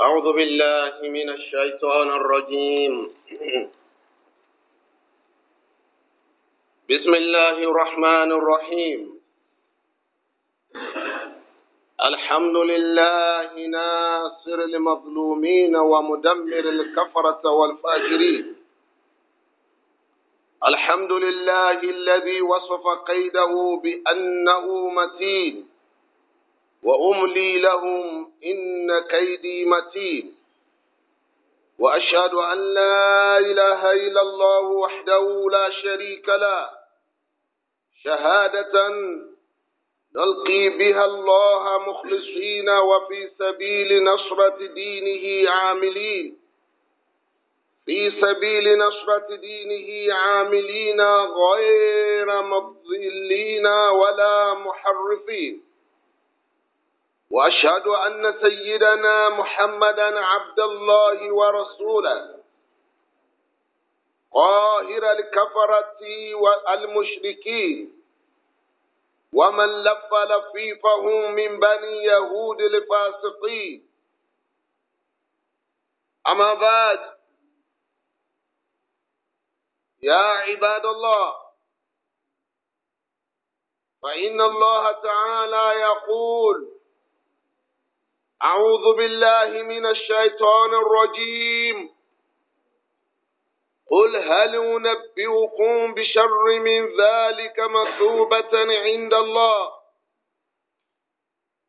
أعوذ بالله من الشيطان الرجيم بسم الله الرحمن الرحيم الحمد لله ناصر المظلومين ومدمر الكفرة والفاجرين الحمد لله الذي وصف قيده بأنه متين وأملي لهم إن كيدي متين وأشهد أن لا إله إلا الله وحده لا شريك له شهادة نلقي بها الله مخلصين وفي سبيل نصرة دينه عاملين في سبيل نصرة دينه عاملين غير مضلين ولا محرفين وأشهد أن سيدنا محمدا عبد الله ورسوله قاهر الكفرة والمشركين ومن لف لفيفه من بني يهود الفاسقين أما بعد يا عباد الله فإن الله تعالى يقول أعوذ بالله من الشيطان الرجيم قل هل أنبئكم بشر من ذلك مثوبة عند الله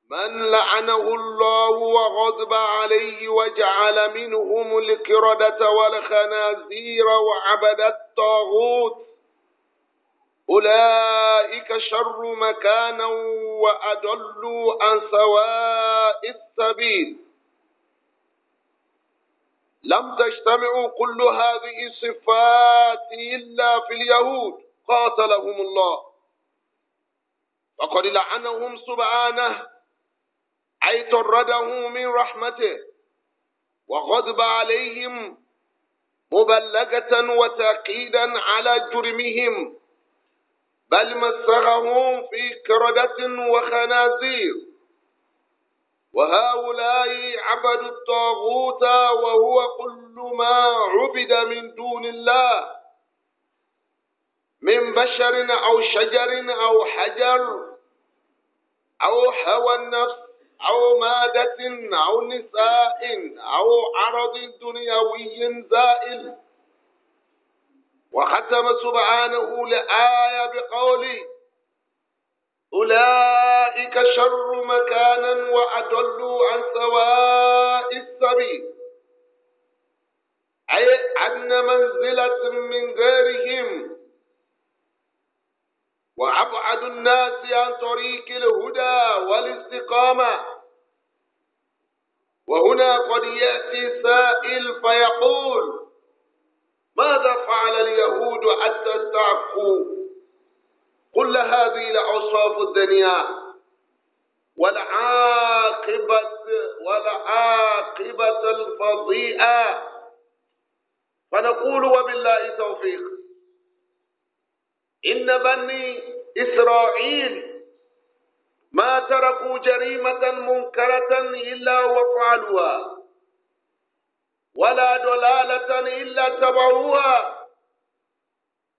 من لعنه الله وغضب عليه وجعل منهم الكردة والخنازير وعبد الطاغوت أولئك شر مكانا وأدلوا عن سواء السبيل لم تجتمع كل هذه الصفات إلا في اليهود قاتلهم الله فقد لعنهم سبحانه أي طرده من رحمته وغضب عليهم مبلغة وتأكيدا على جرمهم بل مسخهم في كردة وخنازير وهؤلاء عبدوا الطاغوت وهو كل ما عبد من دون الله من بشر أو شجر أو حجر أو هوى النفس أو مادة أو نساء أو عرض دنيوي زائل وختم سبحانه لآية بقوله أولئك شر مكانا وأدلوا عن سواء السبيل أي أن منزلة من غيرهم وأبعد الناس عن طريق الهدى والاستقامة وهنا قد يأتي سائل فيقول ماذا فعل اليهود حتى استعفوا كل هذه لأوصاف الدنيا والعاقبة والعاقبة الفظيئة فنقول وبالله التوفيق إن بني إسرائيل ما تركوا جريمة منكرة إلا وفعلوها ولا دلالة إلا اتبعوها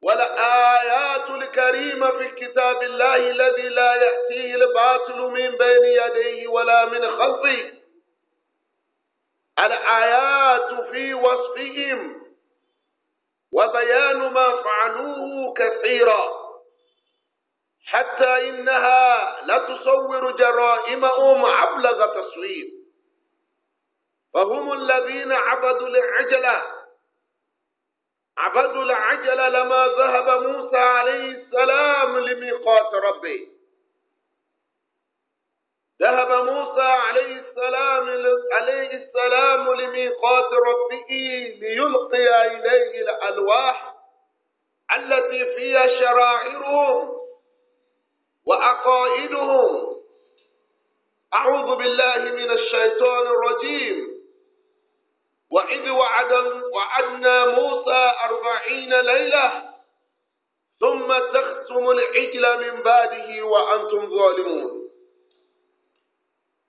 والآيات الكريمة في كتاب الله الذي لا يأتيه الباطل من بين يديه ولا من خلفه الآيات في وصفهم وبيان ما فعلوه كثيرا حتى إنها لتصور جرائمهم أبلغ تصوير فهم الذين عبدوا العجلة عبدوا العجلة لما ذهب موسى عليه السلام لميقات ربه ذهب موسى عليه السلام عليه السلام لميقات ربه ليلقي إليه الألواح التي فيها شرائرهم وعقائدهم أعوذ بالله من الشيطان الرجيم وإذ وعد وعدنا موسى أربعين ليلة ثم تختم العجل من بعده وأنتم ظالمون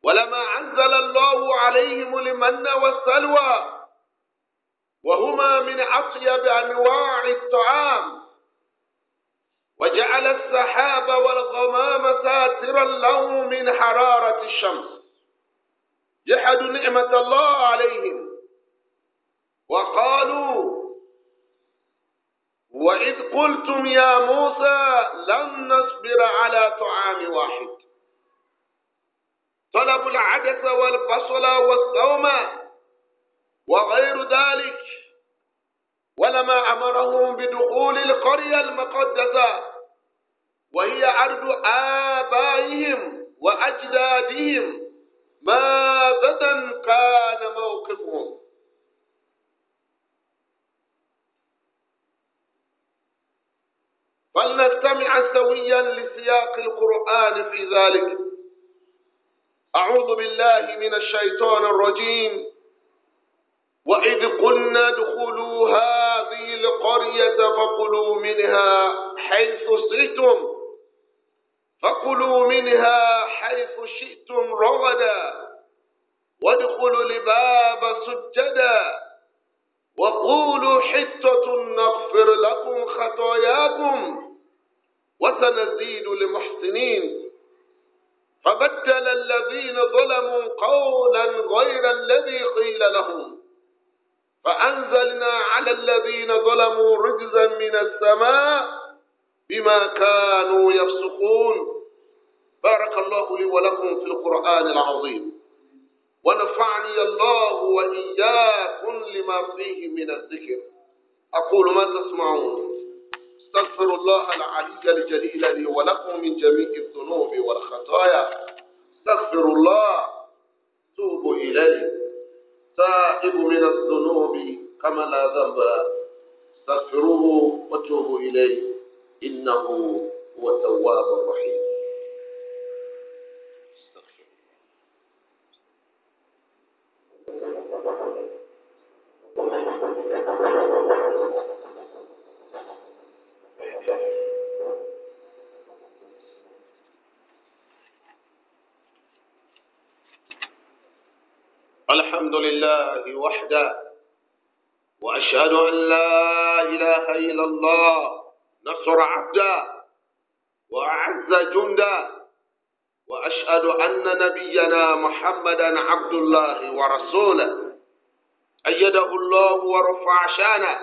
ولما أنزل الله عليهم المن والسلوى وهما من أطيب أنواع الطعام وجعل السحاب والغمام ساترا له من حرارة الشمس جحدوا نعمة الله عليهم وقالوا وإذ قلتم يا موسى لن نصبر على طعام واحد طلب العدس والبصل والثوم وغير ذلك ولما أمرهم بدخول القرية المقدسة وهي أرض آبائهم وأجدادهم ماذا كان موقفهم فلنستمع سويا لسياق القرآن في ذلك أعوذ بالله من الشيطان الرجيم وإذ قلنا ادخلوا هذه القرية فكلوا منها حيث شئتم فكلوا منها حيث شئتم رغدا وادخلوا لباب سجدا وقولوا حتة نغفر لكم خطاياكم وسنزيد المحسنين فبدل الذين ظلموا قولا غير الذي قيل لهم فأنزلنا على الذين ظلموا رجزا من السماء بما كانوا يفسقون بارك الله لي ولكم في القرآن العظيم ونفعني الله وإياكم لما فيه من الذكر أقول ما تسمعون أستغفر الله العلي الجليل لي ولكم من جميع الذنوب والخطايا استغفر الله توب إليه تائب من الذنوب كما لا ذنب استغفروه وتوبوا إليه إنه هو التواب الرحيم الحمد لله وحده وأشهد أن لا إله إلا الله نصر عبده وأعز جنده وأشهد أن نبينا محمدا عبد الله ورسوله أيده الله ورفع شانه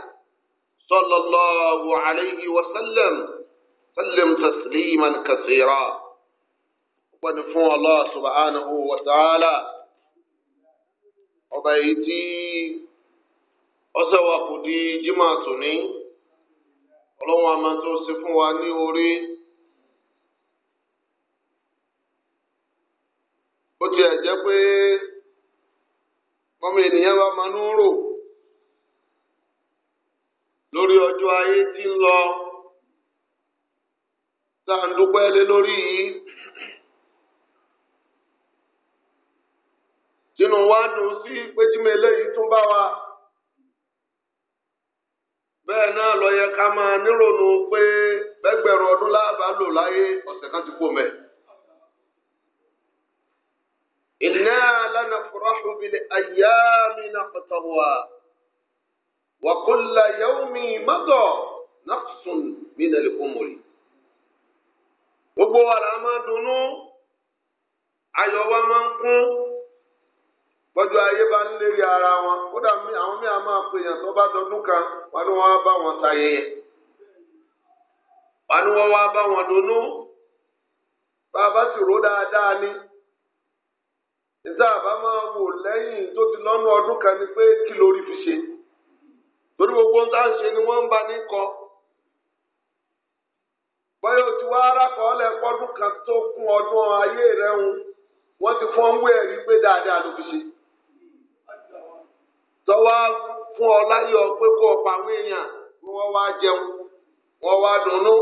صلى الله عليه وسلم سلم تسليما كثيرا ونفوه الله سبحانه وتعالى ọba yìí tí ọsẹ kò di jimá tòní ọlọ́run àmà tó ṣe fún wa ní orí ó ẹ̀ jẹ́ pé ọmọ ènìyàn bá máa ń rò lórí ọjọ́ ayé tí ń lọ tá à ń dúpẹ́ lé lórí yìí. inú wa dùn sí péjìmọ eléyìí tún bá wa bẹ́ẹ̀ náà lọ yẹ ká máa nírònú pé ẹgbẹ̀rún ọdún láàbá lò láyé ọ̀sẹ̀ kan ti kó mẹ́. Inna lanafrahu bil ayyami naqtawa wa kulla yawmi madha naqsun minal umri. Gbogbo wa la máa dunnú, ayọ̀ wa máa ń kún. gbọ́dọ̀ ayé bá ń lérí ara wọn kódà àwọn míì a máa pè yàn tó bá dọdún kan wọn ni wọn bá wọn ṣayẹyẹ wọn wọn wá bá wọn dunnú bá a bá sì ró dáadáa ni àbá máa ti ọdún kan ni pé kí lórí fi ṣe torí gbogbo ń ni ń ní kọ o ti wá arákọ̀ kan tó kún ọdún ayé rẹ ń wọn ti fọ́n wé ẹ̀rí pé dáadáa ló tọwa fún ọlá láyọ̀ pé kó o àwọn èèyàn kí wọ́n wá jẹun wọ́n wá dunnú.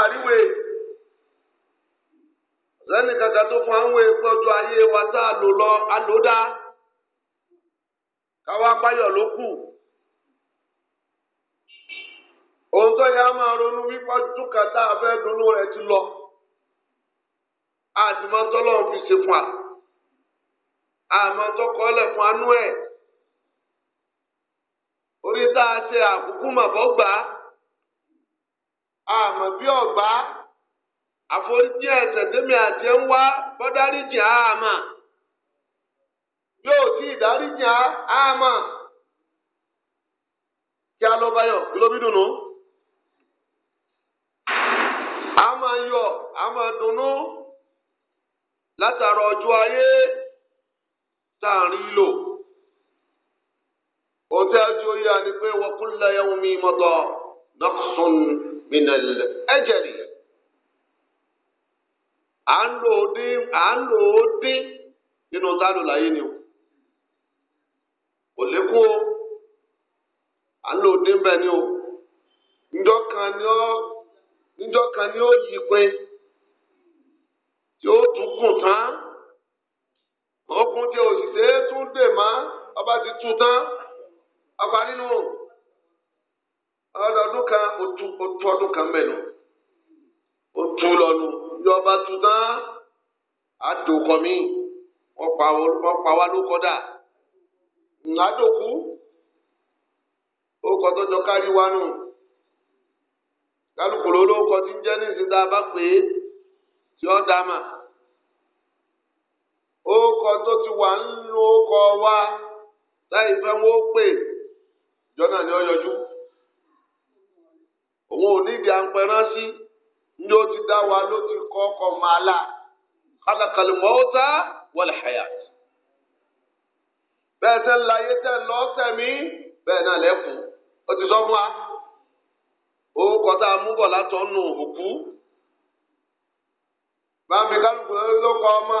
àríwé lẹ́nu kàkà tó fún àwọn ayé wa tá a lò lọ àlódá káwá páyọ̀ ló kù. ohun tó yẹ máa ronú wípé dúkàtà ti lọ. àdìmọ́tọ́lọ́ fi ṣe fún àmọ́ tọkọ ọlẹ̀ fún anú ẹ̀ orí tá a ṣe àkúkú màbọ̀ gbà àmọ́ bí ọ̀gbá àforíjì ẹ̀ṣẹ̀ tèmi àti ẹ̀ ń wá bọ́dáríjì àmọ́ yóò tí ìdáríjì àmọ́ kí a lọ báyọ̀ kí ló bí dùnú. a máa yọ a máa dùnú látara ọjọ́ ayé. tá à ń rí ajo ya ni oyè àni pé wa omi yawmi mọ́tọ́ naqsun minal ajali à ń lò ó dín à ń lò ó nínú láyé ni o kò lékún o à ń lò ó dín bẹ́ẹ̀ ni o njọ́ kan ni ó njọ́ kan ni ó yí pé tí ó tún kùn tán. okùn tí òṣìṣẹ́ tún dè má ọba ti tún tán ọba nínú ọdọọdún kan otu ọdún kan mẹ́nu otu lọ́nu yọba tún tán àdókọ mi wọ́n pa wá ló kọ́dà ńládòkú ó kọ́ tọ́jọ́ kárí wa nù kálukú ló ló kọ́ ń jẹ́ ní ìsìn tá a bá pè é tí ó dá mà orúkọ tó ti wà ń lo orúkọ wa láì fẹ́ wọ́n ó pè jọ́nà ni ó yọjú òun ò nídìí àǹpẹ̀ rántí ní ó ti dá wa ló ti kọ́ ọkọ̀ máa la kálàkàlì mọ́ọ́tà wal hayat bẹ́ẹ̀ tẹ́ láyé tẹ́ lọ́sẹ̀ mí bẹ́ẹ̀ náà lẹ́kùn ó ti sọ fún wa orúkọ tá a mú bọ̀ látọ̀ nù òkú bá mi kálukú ló kọ́ ọmọ.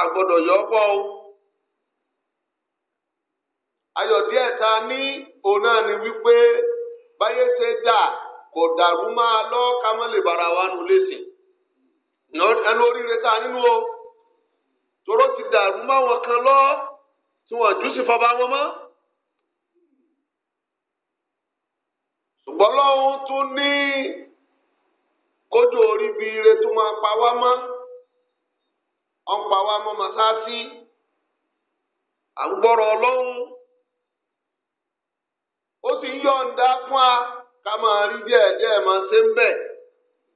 àgbọ́dọ̀ yọ ọpọ o ayọ̀ díẹ̀ ta ní òun náà ni wípé báyé ṣe dà kò dàrú máa lọ ká má lè bára wa nu lẹ́sìn ẹnu oríire ta nínú o tòró ti dàrú máwọn kan lọ tí wọn jù sí fọba wọn mọ́. ṣùgbọ́n lọ́hún tún ní kójú orí bíire tó máa pa wá mọ́. ọ ń pa wá mọ́ màsáàsì à ń gbọ́rọ̀ ọlọ́run ó sì ń yọ̀ǹda fún wa ká máa rí díẹ̀ díẹ̀ máa ṣe ń bẹ̀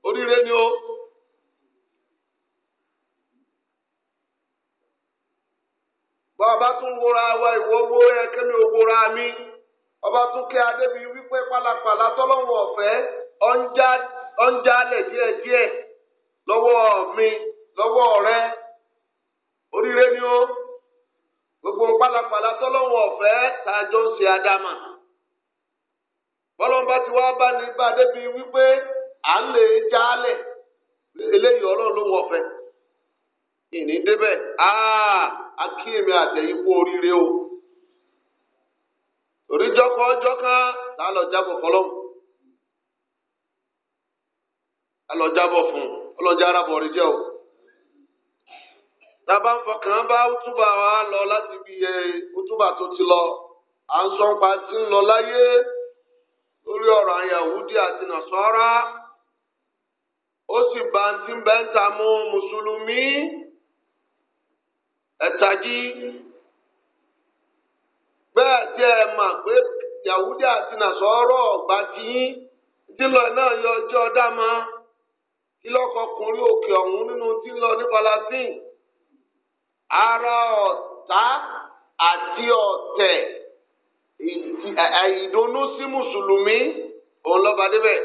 oríire ni ó. bọ́ọ̀bá tún wora wa ìwọ owó ẹ kémi òwora mi ọba tún kí adébíyí wípé pálapàla tọ́lọ́wọ́ ọ̀fẹ́ ọ̀njálẹ̀ díẹ̀díẹ̀ lọ́wọ́ mi lọwọ rẹ oríire ni ó gbogbo pálapàla tọ́lọ́wọ́ ọ̀fẹ́ tá a jọ ń ṣe adama bọ́lọ́mbà tí wàá bá ní bá débi wípé à ń lè jálẹ̀ eléyìí ọlọ́run ló ń wọ̀fẹ́ ìní débẹ̀ akíyèmí àtẹ̀yìn kú oríire o oríjọkọ ọjọ́ kan tá a lọ jábọ̀ fọlọ́mù a lọ jábọ̀ fún ọlọ́jà o. tábà ń fọkàn bá òtúbà wa lọ láti bí ẹ òtúbà tó ti lọ à ń sọ pa ti ń lọ láyé lórí ọ̀rọ̀ àyàwúdí àti nàṣọ́ra ó sì bá ń ti bẹ́ ń ta mú mùsùlùmí ẹ̀tají bẹ́ẹ̀ tí ẹ mà pé yàwúdí àti nàṣọ́rọ̀ ọ̀gbà ti tí lọ náà yọ ọjọ́ dáma kí lọ́kọ̀ọ́kùnrin òkè ọ̀hún nínú tí lọ ní Palestine. ara ọta àti ọtẹ ìdónú sí mùsùlùmí òun lọ́ba débẹ̀.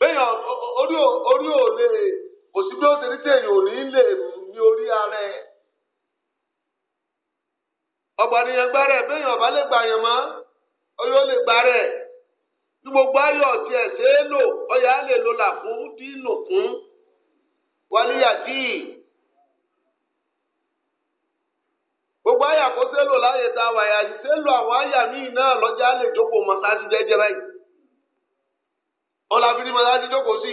bẹ́ẹ̀ orí orí ò lè kò sí bí ó ti rí tèèyàn ò ní lè ní orí ara ẹ̀. ọgbà nìyẹn gbẹ́rẹ̀ bẹ́ẹ̀ ọ̀bá lè gbà yẹn mọ́ lè gbá rẹ̀ bí gbogbo ayọ̀ gbogbo àyà kó sélò láyè tá a wà yà sélò àwọn àyà míì náà lọ́jà lè jókòó mọ́sáàsì jẹ́jẹ́ báyìí ọ̀là bíi mọ́sáàsì jókòó sí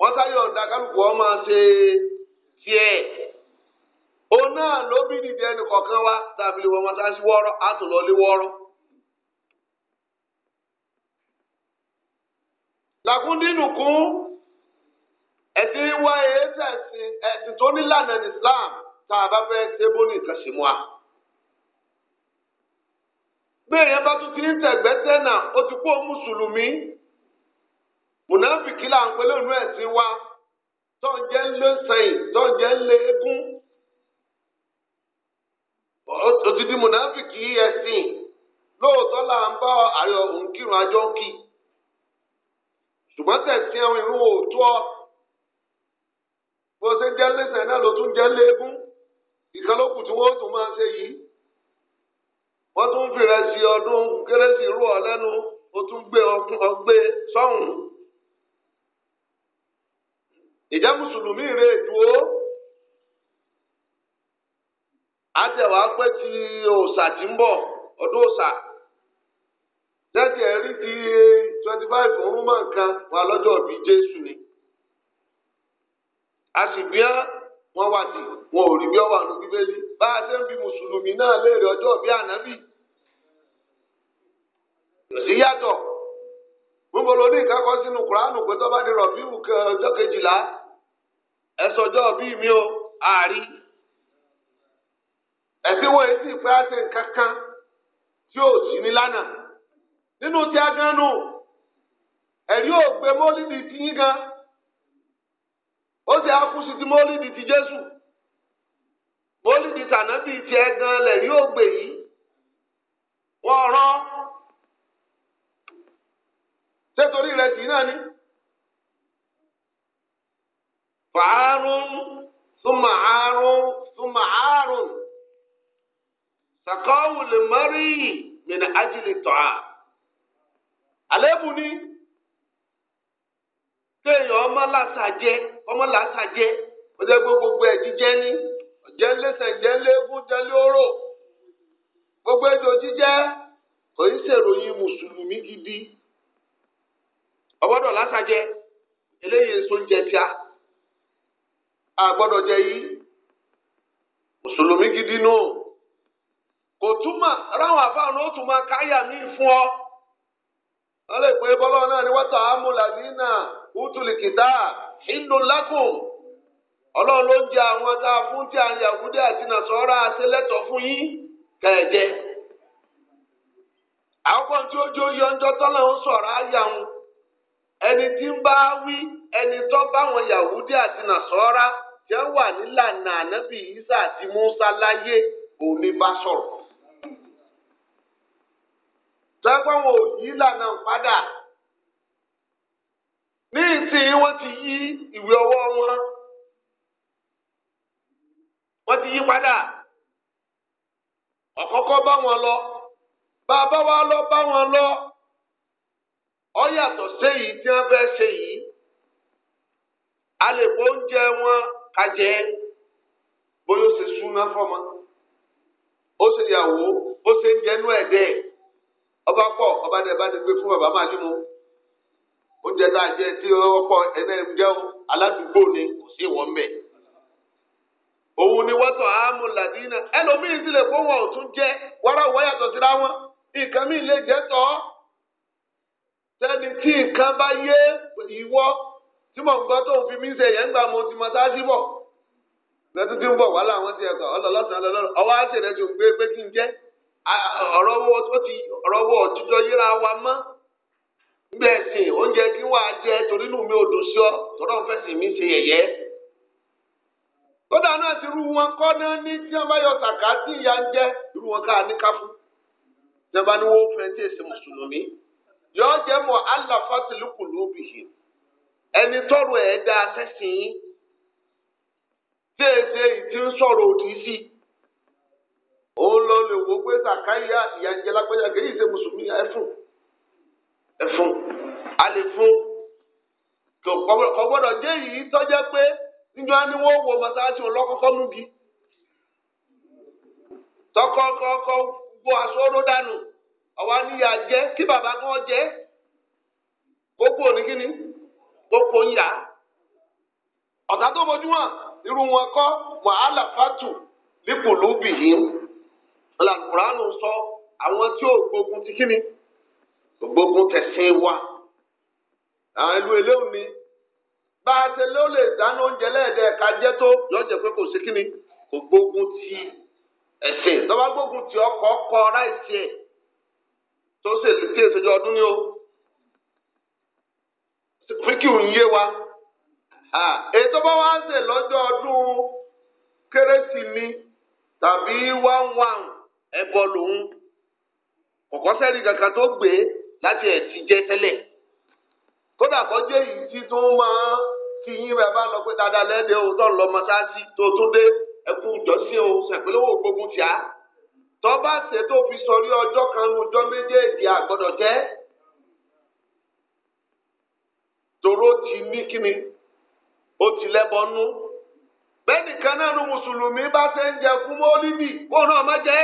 wọ́n sáyọ̀ ọ̀dà kálukú wọn máa ṣe tiẹ̀ òun náà ló bí dìde ẹnì kọ̀ọ̀kan wá tàbí lè mọ́sáàsì wọ́ọ́rọ́ àtúnlọ́lé wọ́ọ́rọ́. làkúndínlùkún. ẹ̀sìn wa èéṣe ẹ̀sìn ẹ̀sìn tó nílànà Islam tá a bá fẹ́ ṣe bó ní a. bẹ́ẹ̀ yẹn bá tún ti ń tẹ̀gbẹ́sẹ̀ náà ó ti kó mùsùlùmí mùnàfìkì là ń ẹ̀sìn wa tó ń jẹ́ ńlé sẹ́yìn tó ń jẹ́ ńlé egún ó ti di mùnàfìkì ẹ̀sìn lóòótọ́ là ń bá ààrẹ kì ṣùgbọ́n tẹ̀sí bó ṣe ń jẹ́ lẹ́sẹ̀ náà ló tún jẹ́ léegun ìkàlókù tí wọ́n tún máa ṣe yìí wọ́n tún fìrẹ́ sí ọdún kérésì rú ọ lẹ́nu ó tún gbé ọgbẹ́ sọ́hùn. ìjẹ́ mùsùlùmí rè dúró àtẹ̀wá pẹ́ ti tí ń bọ̀ ọdún di twenty five wà lọ́jọ́ àṣìbíán wọn wà sí wọn ò rí bí ọwà nù bíbélì bá a ṣe ń bi mùsùlùmí náà léèrè ọjọ́ bí ànábì sí yàtọ̀ níbo ní ìkákọ́ sínú kuránù pé tó bá ọjọ́ kejìlá bí mi o àárí èyí sì tí ò sí ní nínú tí a gánú ẹ̀rí ò gbé ó sì akwụsị tí mólídì ti jésù mólídì tànábì tiẹ̀ gan lẹ̀rí ògbè yìí wọ́n rán ṣé náà ni fàárùn súnmà àárùn súnmà mọ́rí kéèyàn ọmọ làṣà jẹ ọmọ làṣà jẹ ọjọ́ gbogbo ẹ̀ jíjẹ ní ọ̀jẹ̀ ńlẹ́sẹ̀ jẹ́ ńlẹ́gùn jẹ́ lóró gbogbo ètò jíjẹ kò í ṣèròyìn mùsùlùmí gidi ọgbọ́dọ̀ làṣà jẹ eléyìí nsọ jẹ tíá àgbọ́dọ̀ jẹ yìí mùsùlùmí gidi nù kò túmọ̀ ráwọn àfáànù ó tún máa káyà míì fún ọ. wọ́n lè pé bọ́lá náà ni wọ́n tà á mú làdínà útùlì kìtà hindu lakum ọlọ́run ló ń jẹ àwọn tá a fún àti nàṣọ́ra àṣẹlẹ́tọ̀ fún yín kẹ̀ẹ̀jẹ́ àwọn tí ó jó tọ́lá ń sọ̀rọ̀ àyà ẹni àti jẹ́ tọ́pọ̀ wọn ò yí ìlànà padà ní ìsìn wọ́n ti yí ìwé ọwọ́ wọn wọ́n ti yí padà ọ̀kọ́kọ́ bá wọn lọ bá a bá wa lọ bá wọn lọ ọ yàtọ̀ séyìí tí wọ́n fẹ́ ṣe a lè kó oúnjẹ wọn ká bóyá ó ṣe súná fọmọ ó ṣe yàwó ó ṣe ń jẹnú ẹ̀dẹ́ ẹ̀ ọba pọ̀ ọba náà bá ní gbé fún bàbá máa límu oúnjẹ tá a jẹ tí ọwọ́ pọ̀ ẹ̀nà ìjẹun aládùúgbò ni kò sí ìwọ̀n mẹ́. òun ni wọ́n tọ̀ áàmù làdínà ẹlòmíín sì lè kó wọn ò tún jẹ wàrà wọ́ yàtọ̀ síra wọn nǹkan míì lè jẹ́ tọ́ sẹ́ni tí nǹkan bá yé ìwọ tí mò ń gbọ́ tó ń fi mí ṣe yẹn ń gbà mo ti mọ sáájú bọ̀ lọ́tún tí ń bọ̀ wàhálà àwọn ti ẹ̀kọ́ ọlọ́lọ́sàn-án lọ́lọ́rọ̀ ọwọ́ á ṣèrẹ́jù pé pé kí n jẹ́ ọ̀rọ̀wọ́ owó ó ti ọ̀rọ̀ owó yíra wa mọ́ gbé ẹ̀sìn oúnjẹ kí wàá jẹ torí inú mi ò dùn sí ọ tọ́lọ́ ṣe yẹ̀yẹ́. kódà náà ti rú wọn kọ́ náà ní tí wọ́n bá yọ sàkà tí ìyá ń jẹ́ irú wọn ní káfú. wọ́n bá jẹ́ tọrọ ẹ̀ dá sẹ́sìn yín tí èsì èyí ti ó lọ lè wo pé zakaya ìyànjẹ lágbájá kì í ṣe mùsùlùmí ẹfun ẹfun àlefun kò gbọ́dọ̀ jẹ èyí tọjá pé níjọ ni wọn wo mọsáàsì ọlọkọkọ múgi tọkọkọkọ gbọ aṣọrò dànù ọwọ níyà jẹ kí bàbá kan jẹ gbogbo onígíní gbogbo ń yà ọ̀tá tó mojú wọn irú wọn kọ́ wàhálà fatu lípò lóbìyìn alukuraanu sọ àwọn tí ò gbógun ti ni gbógun tẹ̀sìn wa àwọn ìlú eléwu ni bá a ṣe ló lè dáná oúnjẹ lẹ́ẹ̀dẹ́ẹ̀ka jẹ́ tó yọjẹ pé kò sí kíni kò gbógun ti ẹ̀sìn tọ́ba gbógun ti ọkọ̀ ọkọ̀ ráìsì ẹ̀ tó ṣe tí èsèjọ ọdún ni o fíkìú ń yé wa ètò bá wá ṣe lọ́jọ́ ọdún kérésì ni tàbí wáńwáń ẹbọ lòun kọ̀kọ́ sẹ́ni kankan tó gbé láti ẹ̀sìn jẹ tẹ́lẹ̀ kódà kọjá èyí tí tó máa fi yín bàbá lọ pé dáadáa lẹ́dẹ̀ẹ́ o tó ń lọ mọ́sáàsì tó tún dé ẹkú ìjọsìn o sẹ̀pẹ́lẹ́wò gbógun tìá tọ́ba ṣe tó fi sọrí ọjọ́ kan nu ọjọ́ méjèèjì àgbọ̀dọ̀ jẹ́ tòró ti ní kíni ó ti lẹ́bọ̀ọ́nú bẹ́ẹ̀ nìkan náà nu mùsùlùmí bá ṣe ń jẹ fún mọ́lídì kó náà má jẹ́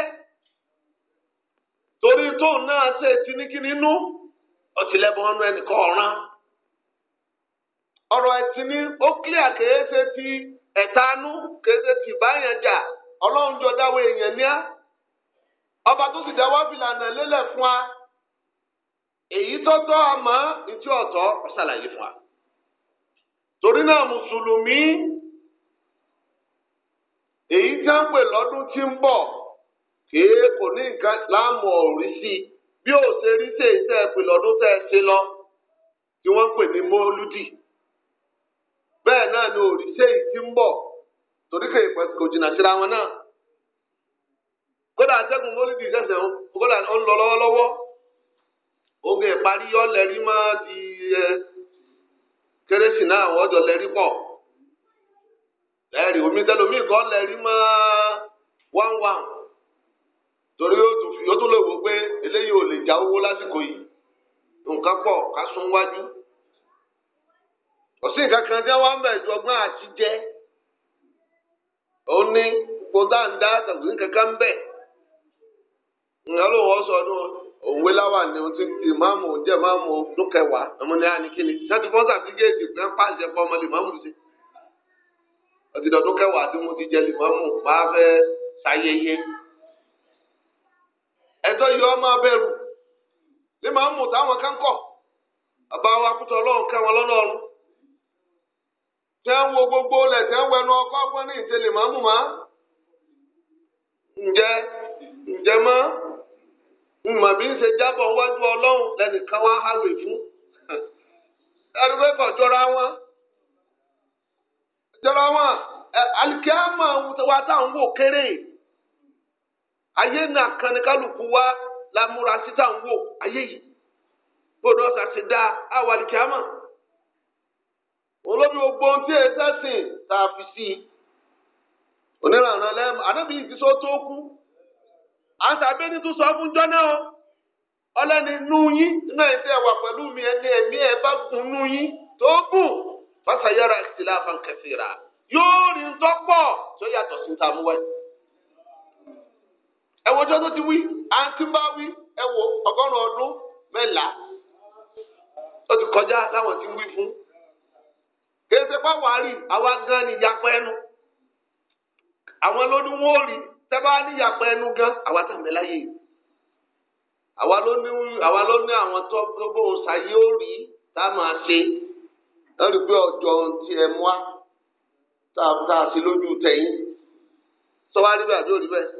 torí tóun náà ṣe tinúkí nínú ọtìlẹ́bọ̀ ọ̀nà ẹnìkan ọ̀ràn ọ̀rọ̀ ẹ̀tìní ó kílíà kéése ti ẹ̀tanú kéése ti báyàn jà ọlọ́run jọ dáwọ́ èèyàn níà ọba tó sì dáwọ́ fìlànà lélẹ̀ fún wa èyí tó tọ́ àmọ́ ìtí ọ̀tọ̀ ọ̀sàlàyé fún wa torí náà mùsùlùmí èyí tí wọ́n ń pè lọ́dún tí ń bọ̀. kèé kò ní nǹkan láàmú ọ̀rí sí i bí ó ṣe rí ṣe iṣẹ́ ẹ̀pẹ̀ lọ́dún tẹ́ ẹ ṣe lọ tí wọ́n ń pè ní mọ́lúdì bẹ́ẹ̀ náà ni òrìṣẹ́ yìí ti ń bọ̀ torí kò ìpẹ́ kò jìnnà síra wọn náà kódà atẹ́gùn mọ́lúdì ṣẹ̀ṣẹ̀ kódà ó ń lọ lọ́wọ́lọ́wọ́ oge ìparí yọ lẹ́rí máa di ẹ kérésì náà àwọn ọjọ́ lẹ́rí pọ̀ lẹ́rìí omi tẹ́lómi kan lẹ́rí máa wáńwáń. torí yóò tún lè wò pé eléyìí ò lè já owó lásìkò yìí nǹkan pọ̀ ká sún wájú òsì kankan tí wọ́n bẹ̀ ju ọgbọ́n àti jẹ́ òun ní kóńtàǹdà tàbí kankan ń bẹ̀ sọ ọdún òwe láwà ni ohun ti ìmáàmù jẹ́ ìmáàmù ọdún kẹwàá ọmọ ní àníkíni láti fọ́n sàfígéètì pé ń pàṣẹ fún ọmọ lèmọ́mù sí ọtí dọ̀dún tí mo ti jẹ máa fẹ́ ṣayẹyẹ ẹjọ́ yọ ọmọ ma ní màá mú táwọn kan kọ̀ bàbá wa kútó ọlọ́run kẹ́ wọn lọ́nà ọ̀run tẹ́ ń wo gbogbo lẹ̀ ń wẹnu ọkọ ọgbọ́n ní ma ǹjẹ́ ǹjẹ́ mọ́ mọ̀ bí ń ṣe jábọ̀ wájú ọlọ́run lẹ́nìkan wá hàwé fún ẹni pé jọra wọn jọra wọn alikẹ́ àmọ́ wa táwọn wò kéré. ayé na ni kálukú wa la múra síta ń wò ayé yìí gbọdọ sàṣì dá àwàlìkì àmọ́ olóbi gbogbo fi sí i onírànà lẹ́mọ̀ yìí ti sọ tó kú à ń tún sọ fún jọ́nà o ọlẹ́ni nú yín wà pẹ̀lú mi ẹni ẹ̀mí bá gùn nú yín tó ẹwọ ọjọ́ tó ti wí àǹtí bá wí ẹwọ ọgọ́rùn ọdún mẹ́la ó ti kọjá láwọn ti wí fún kìí ṣe pé wàhálì àwa gan ni ìyapa ẹnu àwọn lóní wọn ò rí tẹ́bá ní ìyapa ẹnu gan àwa tàbí láyé àwa ló àwa ló àwọn tó gbogbo ṣayé ó rí tá a máa ṣe lórí pé ọjọ́ ti ẹ̀ mú wa tá a ṣe lójú tẹ̀yìn sọ wá rí bẹ́ẹ̀ àbí òrí bẹ́ẹ̀.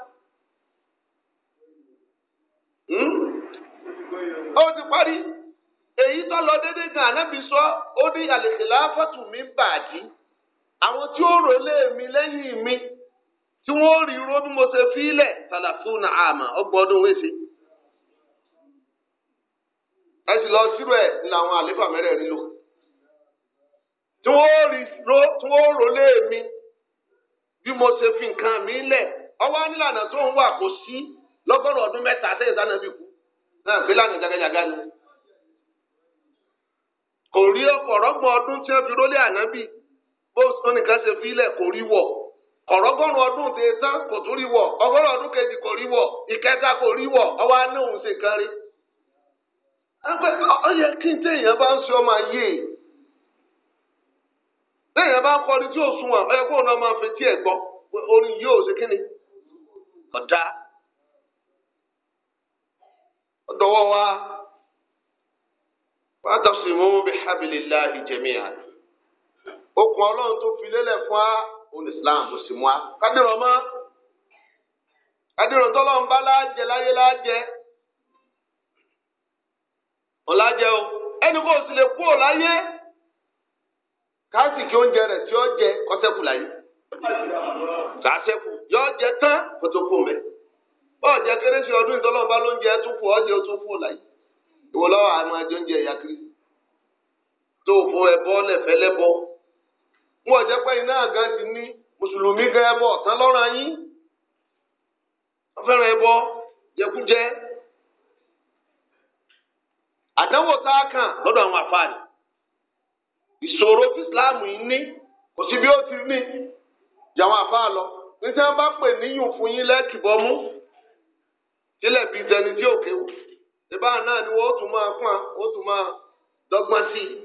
ó ti parí èyí tó lọ déédéé gan anábì sọ ó ní àlèkèlá fọ́tù mi àwọn tí ó rò lé mi lẹ́yìn mi tí wọ́n rí irú bí mo ṣe fílẹ̀ tàlàfóònù àmà ọgbọ̀n ọdún wéṣe. ẹ sì lọ sírò ẹ ní àwọn àlébà mẹ́rẹ̀ẹ̀rin lò tí wọ́n fi nǹkan mi lẹ̀ ọwọ́ nílànà tó ń wà kò sí lọ́gọ́rùn ọdún mẹ́ta náà fi lànà jagajaga ni kò rí ọkọ̀ ọdún tí wọ́n fi rólé ànábì bó nìkan ṣe fi kò rí wọ̀ ọ̀rọ̀gọ́rùn ọdún ti tán kò tún rí wọ̀ ọgọ́rùn ọdún kejì kò rí wọ̀ ìkẹta kò rí wọ̀ ọwọ́ anáhùn ṣe kan rí. ọyẹ kí n téèyàn bá ń ṣe ọmọ ayé téèyàn bá kọrin tí ò sunwọ̀n náà máa fi tí gbọ́ orin yóò ṣe kí ọ̀dọ́wọ́ wa wàtàsímù bihablillahi jami'an okùn ọlọ́run tó fi lélẹ̀ fún wa òun islam ó sì mú wa kádìrọ̀ mọ́ kádìrọ̀ tọ́lọ́ ń bá láàjẹ láyé láàjẹ ọ̀làjẹ o ẹni kò sì lè kú ọ̀láyé káàsì kí oúnjẹ rẹ̀ tí ó jẹ kọ́sẹ́kù láyé kàásẹ́kù yọ jẹ tán kótó kú mẹ́rin. bọ́ọ̀jẹ́ kérésì ọdún ìtọ́lọ́ba ló ń jẹ tún fún ọjọ́ tún fún ọ̀la yìí ìwọ lọ́wọ́ àmọ́ ẹjọ́ ń jẹ kiri tó fọ ẹbọ lẹ̀fẹ́ lẹ́bọ. wọ́n pé iná ti ní mùsùlùmí gan ẹbọ ọ̀tán lọ́rọ̀ yín wọ́n fẹ́ràn ẹbọ jẹkújẹ. àdánwò tá a kàn lọ́dọ̀ àwọn ìṣòro tí ìsìláàmù yìí ní kò sí bí ó ti ní lọ bá pè sílẹ̀ bíi tẹni tí òkè wò ìbá náà ni wọ́n tún máa fún wa wọ́n tún máa dọ́gbọ́n sí i.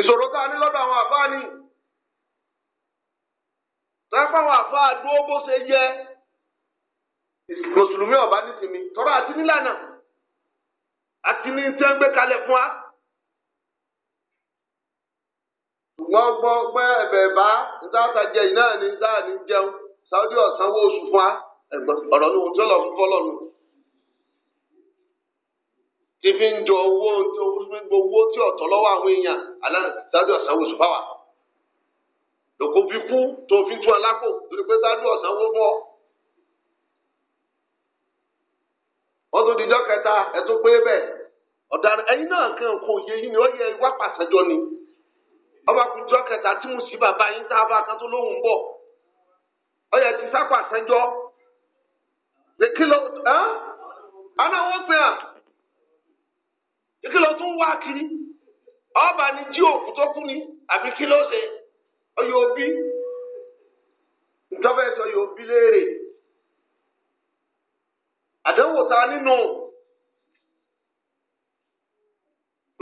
ìṣòro tá a ní lọ́dọ̀ àwọn àfáà ni tẹ́fọ́ àwọn àfáà dúró bó ṣe yẹ mùsùlùmí ọ̀bá ní tìmí tọ́rọ àti nílànà àti ní tẹ́ ń gbé kalẹ̀ fún wa. ṣùgbọ́n gbọ́ pé ẹ̀bẹ̀ bá ń sáà ta jẹ ìnáà ní sáà ní jẹun sáà ó dé oṣù fún wa ọ̀rọ̀ ní ohun tí ọlọ́run fọ́lọ́ nù. tí fi ń jọ owó owó tí ọ̀tọ̀ lọ́wọ́ àwọn èèyàn aláǹdájú ọ̀sánwó sùpáwà. lòkó fi kú tó fi tún alákò torí pé dájú ọ̀sánwó fún ọ. wọ́n tún dijọ́ kẹta ẹ̀ tún pé bẹ́ẹ̀ ọ̀daràn ẹ̀yin náà kàn kó yẹ yín ni ó yẹ wá pàṣẹjọ ni ọba kùjọ kẹta tí mo sì bàbá yín tá a bá kan tó lóhùn bọ̀ ọ̀yẹ̀ ti sápàṣẹjọ́. the kilo ló ana wọn pe à kí ló tún wá kiri ọba ni ji òkú tó kú ni àbí kí ló ṣe ọyọ òbí ìjọba ẹsẹ ọyọ òbí léèrè ta nínú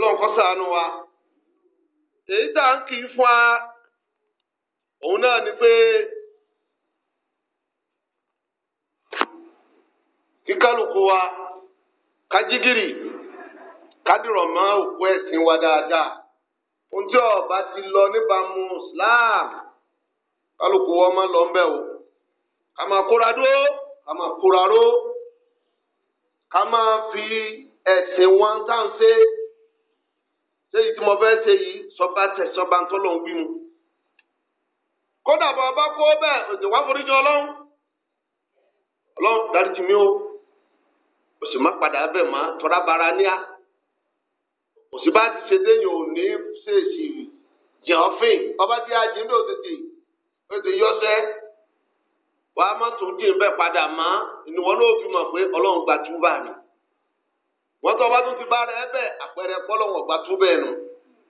lọ́nkọ́ sànù wa èyí tá à ń kì í fún wa òun náà ni pé. kí kálukú wa kájígìrì kádìrọ̀ mọ́ òkú ẹ̀sìn wa dáadáa ohun tí ọba ti lọ níbàámu Islam kálukú wa máa lọ ńbẹ o ká máa kóra dúró ká máa kóra ró ká máa fi ẹ̀sìn wọn tá à ṣe léyìí tí mo fẹ́ ṣe yìí sọba tẹ sọba ń tọ́lọ̀ ń wí mu kódà bàbá kó bẹ́ẹ̀ òjò wá foríjọ ọlọ́run ọlọ́run dáríjì mi o o sì má padà bẹ̀ mọ́ tọ́ra bara níà kò sí bá ti ṣe déyìn ò ní ṣèṣì jẹ́ ọ́fìn ọba tí a jì ń lò tètè o ti yọ sẹ́ wàá má tún dì ń bẹ̀ padà mọ́ ìnùwọ́ ló fi mọ̀ pé ọlọ́run gba túbà ni wọ́n tọ́ ọba tún ti bá rẹ̀ ẹ́ bẹ̀ àpẹẹrẹ pọ́lọ́wọ̀n gba túbẹ̀ nù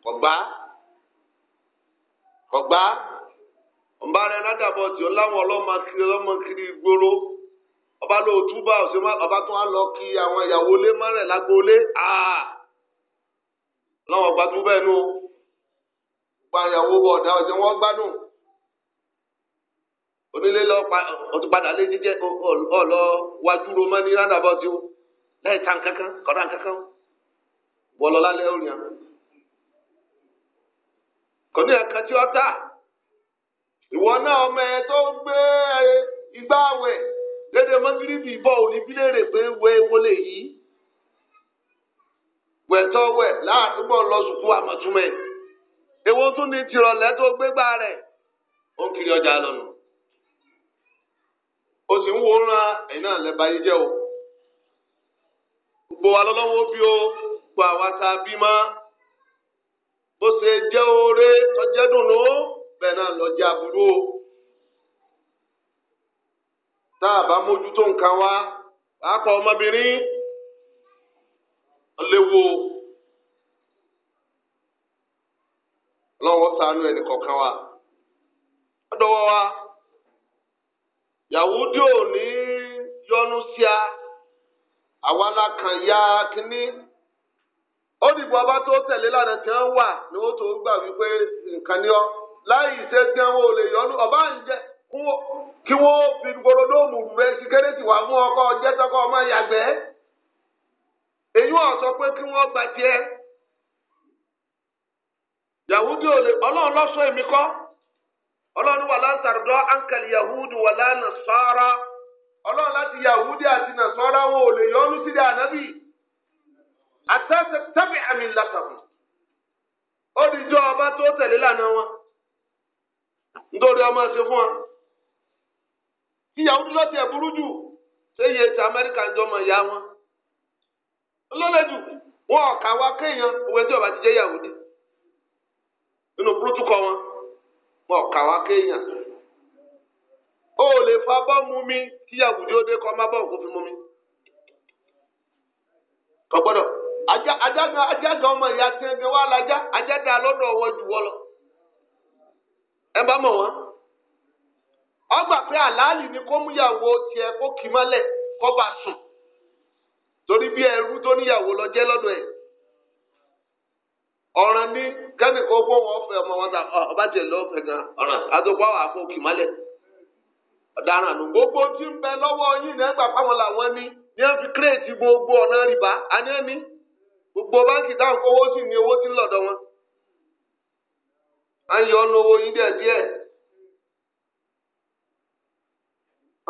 kọ̀gbá kọ̀gbá ọ̀nbá rẹ̀ ládàbọ̀ tí ó láwọn ọlọ́mọ kiri gbóró ọba ló túbà òsèmọ ọba tó wá lọ kí àwọn ìyàwó lé mọ́rẹ̀ lágbóolé ah! lọ́wọ́ gba túbà ẹnu o gba ìyàwó bọ̀ ọ̀dà ọ̀sẹ̀ wọn gbádùn onílé lọ ọtún padà lé jíjẹ ọlọ wájú romọ ní rádàbọ̀ tí o láì ta nkankan kọ́dà nkankan bọ́ọ̀lọ́ lálẹ́ òrìn àná kò ní ẹ̀ka tí ó ta ìwọ náà ọmọ ẹ tó gbé eh, igbá àwẹ̀. dédé mọ́gíríbì bọ́ọ̀lù ìbílẹ̀rè pé wé wọlé yìí wẹ̀tọ́ wẹ̀ láàdúgbò lọ sùkú àmọ̀túnmẹ̀ èwo tún ní tìrọ̀lẹ́ tó gbégbá rẹ̀ ó ń kiri ọjà lọ́nà o sì ń wòran nọ. náà jẹ́ o gbogbo wa o gbọ́ àwa tá a bímọ bó ṣe jẹ́ oore tọ́jẹ́ dùnú bẹ́ẹ̀ náà lọ jẹ́ tá a bá mójútó nǹkan wa pàápàá ọmọbìnrin léwu lọ́wọ́ ṣàánú ẹnì kọ̀ọ̀kan wa wa ní yọnu sí a àwa la kàn ya kínní ó dìbò ọba tó tẹ̀lé lánàá tí wọ́n wà ni wọ́n tó gbà wípé kí wọ́n fi gorodóòmù rẹ sikẹ́rẹ́tì wá mú ọkọ jẹ́tọ́kọ ọmọ yàgbẹ́ èyí wọ́n sọ pé kí wọ́n gba tiẹ̀ yahudi ò lè ọlọ́run lọ́sọ èmi kọ́ ọlọ́run wà látàrúdọ́ ankali yahudi wà lánà sọ́ra ọlọ́run láti yahudi àti nàṣọ́ra wọn ò lè yọ́nú àmì ó di jọ ọba tó tẹ̀lé lánàá wọn nítorí ọmọ kí yahudi lọ́tì ẹ̀ burú jù ṣé iye ti amẹ́ríkà ń jọmọ ìyá wọn lọ́lẹ́jù wọn ọ̀ka wa kéèyàn òwe tí ọba ti jẹ́ yahudi nínú púrótúkọ wọn wọn ọ̀ka wa kéèyàn o lè fa bọ́ọ̀mù mi kí yahudi ó dé kọ́ má bọ́ọ̀mù kó fi mú mi kò gbọ́dọ̀ ajaga ajaga ọmọ ìyá tiẹ̀ gẹ̀ wá lajá ajá dá lọ́dọ̀ wọn jù wọ́ lọ ẹ bá mọ̀ wọn. ọgbà pé àlàálì ni kó múyàwó tiẹ̀ kó kì mọ́lẹ̀ kó bá sùn torí bí ẹrú tó níyàwó lọ jẹ́ lọ́dọ̀ ẹ̀ ọ̀ràn ní kẹ́nìkan kó ọmọ wọn ta ọba jẹ lọ́wọ́ gan ọ̀ràn àpò kì gbogbo tí ń bẹ lọ́wọ́ yìí gbogbo ọ̀nà rìbá gbogbo báńkì táwọn kówó sì ní owó ń wọn. à ń yọ ọ́nà owó yín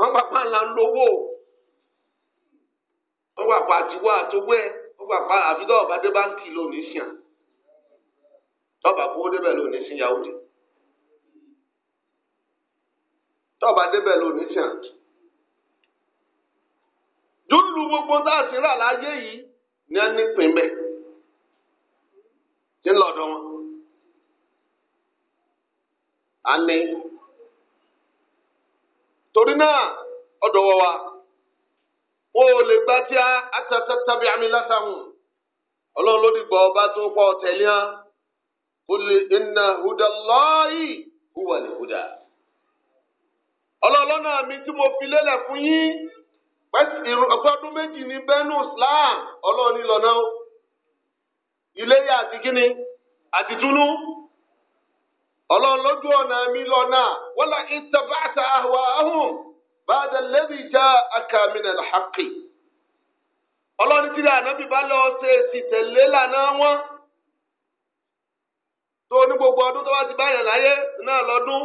àwọn bàbá ńlá ń lówó wọn gbà pa àtiwá àtowó ẹ wọn gbà pa àfi tó ọba dé báńkì lónìí sìn tọba kó débẹ̀ lónìí sìn yahoo di tọba débẹ̀ lónìí sìn dúlù gbogbo tá a sì rà láyé yìí ni a ní pínbẹ ńlọdọ wọn a ní. torí náà ọ̀dọ̀ wọ̀ wá wọn ò lè gbá tí àtàtà tàbí ọba tó ń o le kò lè iná lè mi tí mo fi lélẹ̀ fún yín ọgbọ́dún méjì ní bẹ́nu Islam ọlọ́run ní lọ́nà iléyà àti kíni àti túnú. ọlọ́run lójú ọ̀nà mi lọ́nà wọ́lá ìtàbàtà àwa ahùn bàdà lẹ́bi já akamina làákì. ọlọ́run tí ànábì bá lọ ṣe èsì tẹ̀lé lànà wọn. tó ní gbogbo ọdún tó bá ti báyàn láyé náà lọ́dún.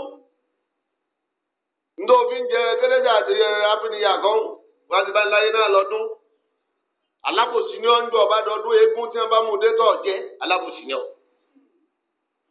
ndó fi ń jẹ gẹ́lẹ́jà àti abíniyà gan wá ti láyé náà lọ́dún. alábòsí ni ọba dọdún eégún tí wọ́n bá mú un dé tọ̀ jẹ́ alábòsí ni ọ́.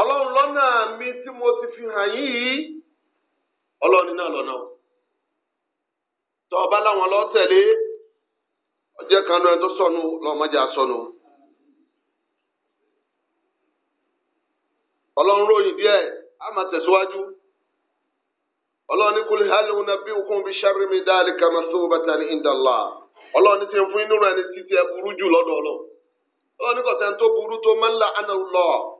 ọlọ́run lọ́nà mi tí mo ti fi hàn yìí ọlọ́run náà lọ́nà tọ́ ọba láwọn lọ́ tẹ̀lé ọjọ́ kan náà tó sọnù lọ́mọdé àsọnù. ọlọ́run ròyìn díẹ̀ á máa tẹ̀síwájú ọlọ́run ní kúlẹ̀ hàlùn nàbí òkun bíi sàrìmì dáàlì kàmá sóbàtà ní ìdàlá ọlọ́run ti fún inú rẹ̀ ní títí ẹ burú jù lọ́dọ̀ ọlọ́run ọlọ́run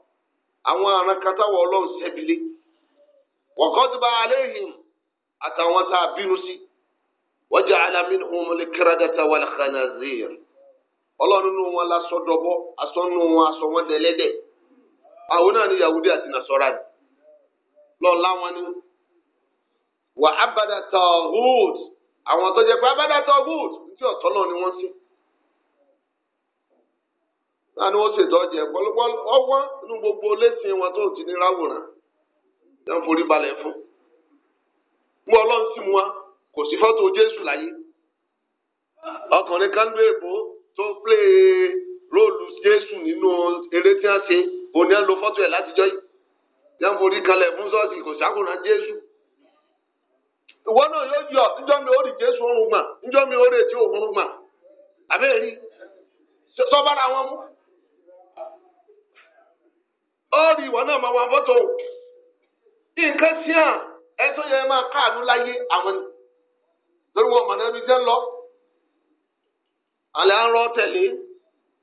àwọn arankatáwọ̀ ọlọ́run sẹ́bilé wọ́kọ́dùbà aléhìn àtàwọn tá a bínú sí wọ́jà alamin umuli kíradàtà wàlẹ̀ khanazir ọlọ́run nù wọn lasọ dọ́bọ́ asọ wọn asọ wọn dẹ́lẹ́dẹ́ àwọn náà ni yahudi àti nasọ́ra ni lọ́ọ̀ láwọn ni wà abadàtà ọ̀húd àwọn tó jẹ pé abadàtà ọ̀húd ní ọ̀tọ́ náà ni wọ́n sìn. naanị ó ṣètò ọjà ẹ̀pọ̀lọpọ̀ ọgwọ inú gbogbo wọn tó ti ní ráwòrán forí balẹ̀ fún. mú ọlọ́run sí mu wa kò sí fọ́tò jésù láyé. ọkùnrin kan ló èbó tó plé róòlù jésù nínú eré tí wọ́n ṣe òní lo fọ́tò ẹ̀ látijọ́ yìí. forí kalẹ̀ fún kò jésù. ìwọ náà yóò yọ níjọ́ mi ó rí jésù gbà ọ́ọ̀rì ìwà náà máa wà fọ́tò nǹkan sí à ẹ tó yẹ máa káàánú láyé àwọn lórí wọn mọ̀nà ibi tẹ́ ń lọ. àlẹ́ àárọ̀ tẹ̀lé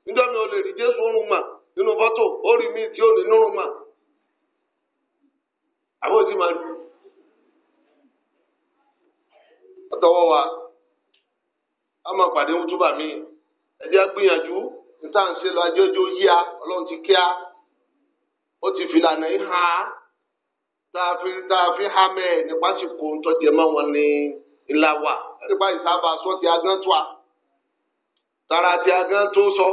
níjọ́ mi ò lè rí jésù oorun mà nínú ó ó ti fi lànà yìí ha tààfin tààfin hamẹ nípa sì kó ń tọ́jú ẹ mọ́ wọn ní ìlà wà nípa ìsábà sọ ti agán tó a tara ti agán tó sọ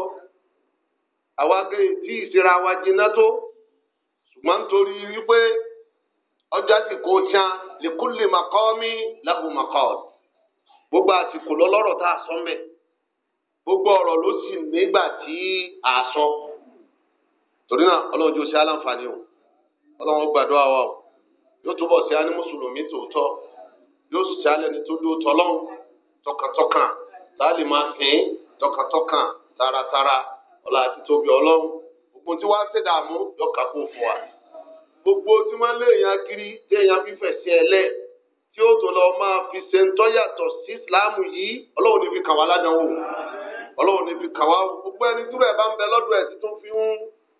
àwa gé tí ìsira wa jiná tó ṣùgbọ́n nítorí wípé ọjọ́ àsìkò tiẹn lèkúlè màkọ́ mi làwọn màkọ́ gbogbo àsìkò lọ́lọ́rọ̀ tá a sọ mẹ́ gbogbo ọ̀rọ̀ ló sì nígbà tí a sọ. torí náà ọlọ́run jẹ́ oṣù aláǹfààní o ọlọ́run gbàdúrà wa o yóò túbọ̀ sí ní mùsùlùmí tòótọ́ yóò sì sálẹ̀ ní tó dúró tọ́lọ́run tọkàntọkàn láàlì máa tọkàntọkàn taratara ọ̀la àti tóbi ọlọ́run tí wàá ṣe dààmú yọkà kó gbogbo tí kiri tí èèyàn sí tí ó tó lọ máa fi ṣe ń sí ìsìláàmù yìí ọlọ́run ní fi ẹni bá ń bẹ lọ́dọ̀ ẹ̀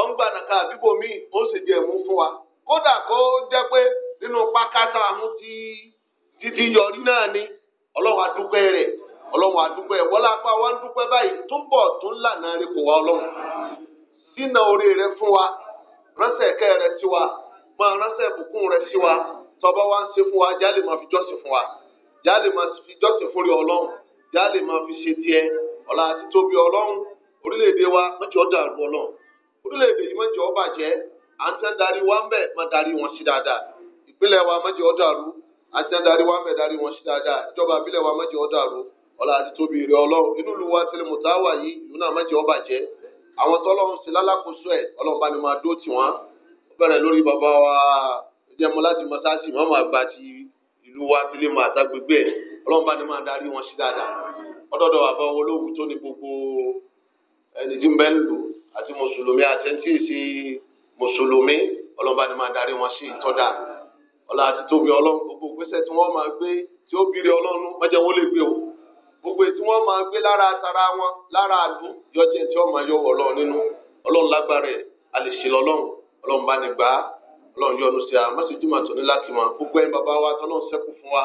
ọ̀ngbà nàka àbíbò míì ó sì jẹ ẹ̀mú fún wa kódà kó jẹ́ pé nínú pákátá ahun tí títí yọrí náà ni ọlọ́run rẹ̀ ọlọ́run adúpẹ́ wọlé apá wa ń dúpẹ́ báyìí túnbọ̀ tó lànà wa ránṣẹ́ ẹ̀kẹ́ sí wa ránṣẹ́ ìbùkún sí wa tọba wa ń ṣe wa jálè máa fi jọ́sìn fún wa jálè máa fi jọ́sìn fún rí ọlọ́run jálè máa fi ṣe tiẹ̀ ọ̀la àti tóbi ọlọ́run orílẹ̀-èdè wa ọlọ́run orílẹ̀-èdè yìí má jẹ́ ó bàjẹ́ à ń tẹ́ darí wa ń bẹ̀ má darí wọn sí dáadáa ìpínlẹ̀ wa má jẹ́ ó dàrú à ń tẹ́ darí wa ń bẹ̀ darí wọn sí dáadáa ìjọba ìbílẹ̀ wa má jẹ́ ó dàrú ọlá àti tóbi rẹ ọlọ́run inú ìlú wa tẹ́lẹ̀ mọ̀táwà yìí ìlú náà má jẹ́ ó bàjẹ́ àwọn tọ́lọ́run sí lálákòóso ẹ̀ ọlọ́run bá ní máa dó tiwọn bẹ̀rẹ̀ lórí ẹni tí ń bẹ ń lù àti mùsùlùmí àti ẹni tí ì sí mùsùlùmí ọlọ́ba ni máa darí wọn sí ìtọ́dà ọlá àti tóbi ọlọ́run gbogbo gbèsè tí wọ́n máa gbé tí ó bìrì ọlọ́run mọ́jẹ́ wọ́n lè gbé o gbogbo tí wọ́n máa gbé lára tara wọn lára àdú yọjẹ́ tí wọ́n máa yọ ọlọ́run nínú ọlọ́run lágbára ẹ̀ a lè ṣe lọ́lọ́run ọlọ́run bá ní gbà á ọlọ́run yọ́nú sí a mọ́sí jùmọ̀ tó ní láti mọ̀ gbogbo ẹ̀ bàbá wa tọ́lọ́run sẹ́kù fún wa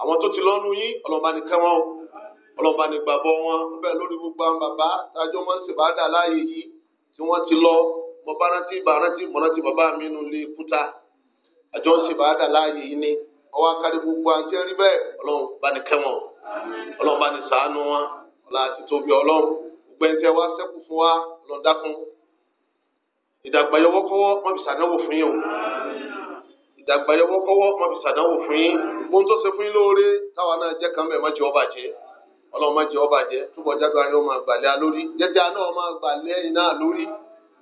àwọn tó ti lọ́nu yín ọlọ́run bá ní kẹ́ o ọlọ́ba ní gbàgbọ́ wọn bẹ́ẹ̀ lórí gbogbo àwọn bàbá tájọ́ máa ń ṣèbádà láàyè yìí tí wọ́n ti lọ mo bá rántí bá rántí mo rántí bàbá mi nù lè kúta àjọ ń ṣèbádà láàyè yìí ni ọwọ́ akárí gbogbo àti ẹ̀rí bẹ́ẹ̀ ọlọ́run bá ní kẹ́wọ̀n ọlọ́run bá ní sàánú wọn ọlá àti tóbi ọlọ́run gbogbo ẹni tẹ wá sẹ́kù fún wa lọ dákun ìdàgbàyọwọ́kọ́wọ́ wọn fi sàdánwò fún yín o ìdàgbàyọwọ́kọ́wọ́ wọn fi sàdánwò fún yín ohun tó ṣe fún yín lóore táwa náà jẹ́ kan bẹ́ẹ̀ mọ́jọ́ ọbàjẹ́ ọlọ́run má jẹ́ ọba jẹ́ túbọ̀ jágbára yóò máa gbàlẹ́ a lórí jẹ́jẹ́ náà máa gbàlẹ́ iná lórí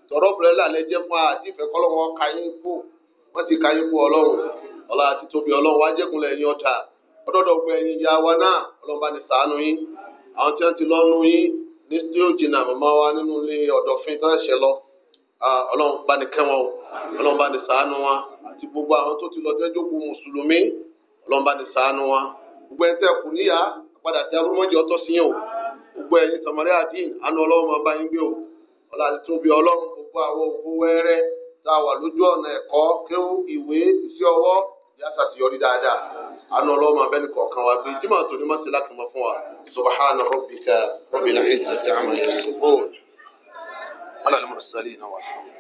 tọ̀rọ̀ bẹ̀rẹ̀ lálẹ́ jẹ́ fún àdìfẹ́ kọ́lọ́wọ́ káyín kú wọ́n ti káyín kú ọlọ́run ọlá àti tóbi ọlọ́run wá jẹ́kunlẹ̀ ẹ̀yìn ọjà ọdọ́dọ̀ gbọ ẹ̀yìn ìyá wa náà ọlọ́run bá ní ṣàánú yín àwọn tí wọ́n ti lọ́nu yín ní tí ó jìnnà màmá wa nínú ilé ọ̀dọ̀fin tó ṣẹ̀ lọ ọlọ́run bá ní kẹ́ wọn o ọlọ́run bá ní ṣàánú wa àti gbogbo àwọn tó ti lọ tẹ́jọ́ kú mùsùlùmí ọlọ́run bá ní wa gbogbo ẹ̀ padà sí abúrúmọ́jì ọtọ́ sí yẹn o gbogbo ẹ̀yin samari adin anu ọlọ́run máa bá yín gbé o ọlọ́run gbogbo àwọn wẹ́rẹ́ tá a wà lójú ọ̀nà ẹ̀kọ́ kéwú ìwé sí ọwọ́ ìyá sàṣeyọrí dáadáa anu ọlọ́run máa bẹ́ni kọ̀ọ̀kan wa gbé jimá tó ní má láti mọ fún wa subahana